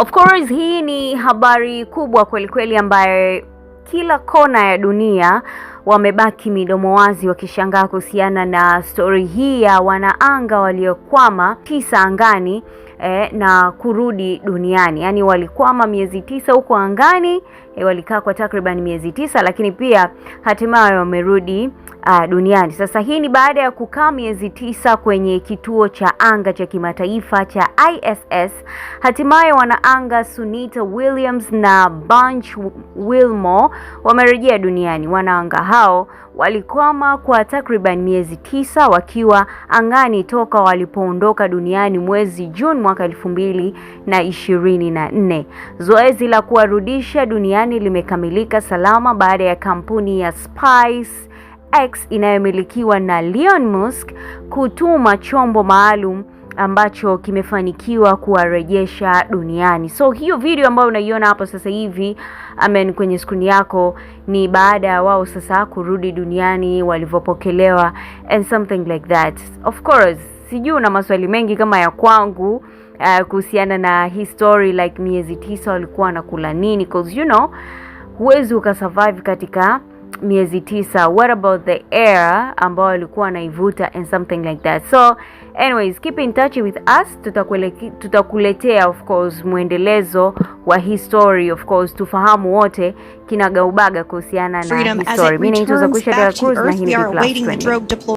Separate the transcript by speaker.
Speaker 1: Of course hii ni habari kubwa kweli kweli ambaye kila kona ya dunia wamebaki midomo wazi wakishangaa kuhusiana na stori hii ya wanaanga waliokwama tisa angani eh, na kurudi duniani. Yaani walikwama miezi tisa huko angani eh, walikaa kwa takriban miezi tisa, lakini pia hatimaye wamerudi uh, duniani. Sasa hii ni baada ya kukaa miezi tisa kwenye kituo cha anga cha kimataifa cha ISS. Hatimaye wanaanga Sunita Williams na Bunch Wilmore wamerejea duniani. Wanaanga hao walikwama kwa takriban miezi tisa wakiwa angani toka walipoondoka duniani mwezi Juni mwaka elfu mbili na ishirini na nne. Zoezi la kuwarudisha duniani limekamilika salama baada ya kampuni ya Spice X inayomilikiwa na Elon Musk kutuma chombo maalum ambacho kimefanikiwa kuwarejesha duniani. So hiyo video ambayo unaiona hapo sasa hivi amen, kwenye skrini yako ni baada ya wao sasa kurudi duniani walivyopokelewa and something like that. Of course, sijui una maswali mengi kama ya kwangu uh, kuhusiana na hii story like miezi tisa walikuwa wanakula nini, cause you know huwezi ukasurvive katika miezi tisa. What about the air ambao alikuwa anaivuta and something like that. So anyways, keep in touch with us, tutakuletea of course mwendelezo wa hii story, of course tufahamu wote kinagaubaga kuhusiana na hii story.
Speaker 2: Mimi naitwa Zakusha Dela Cruz na hii ni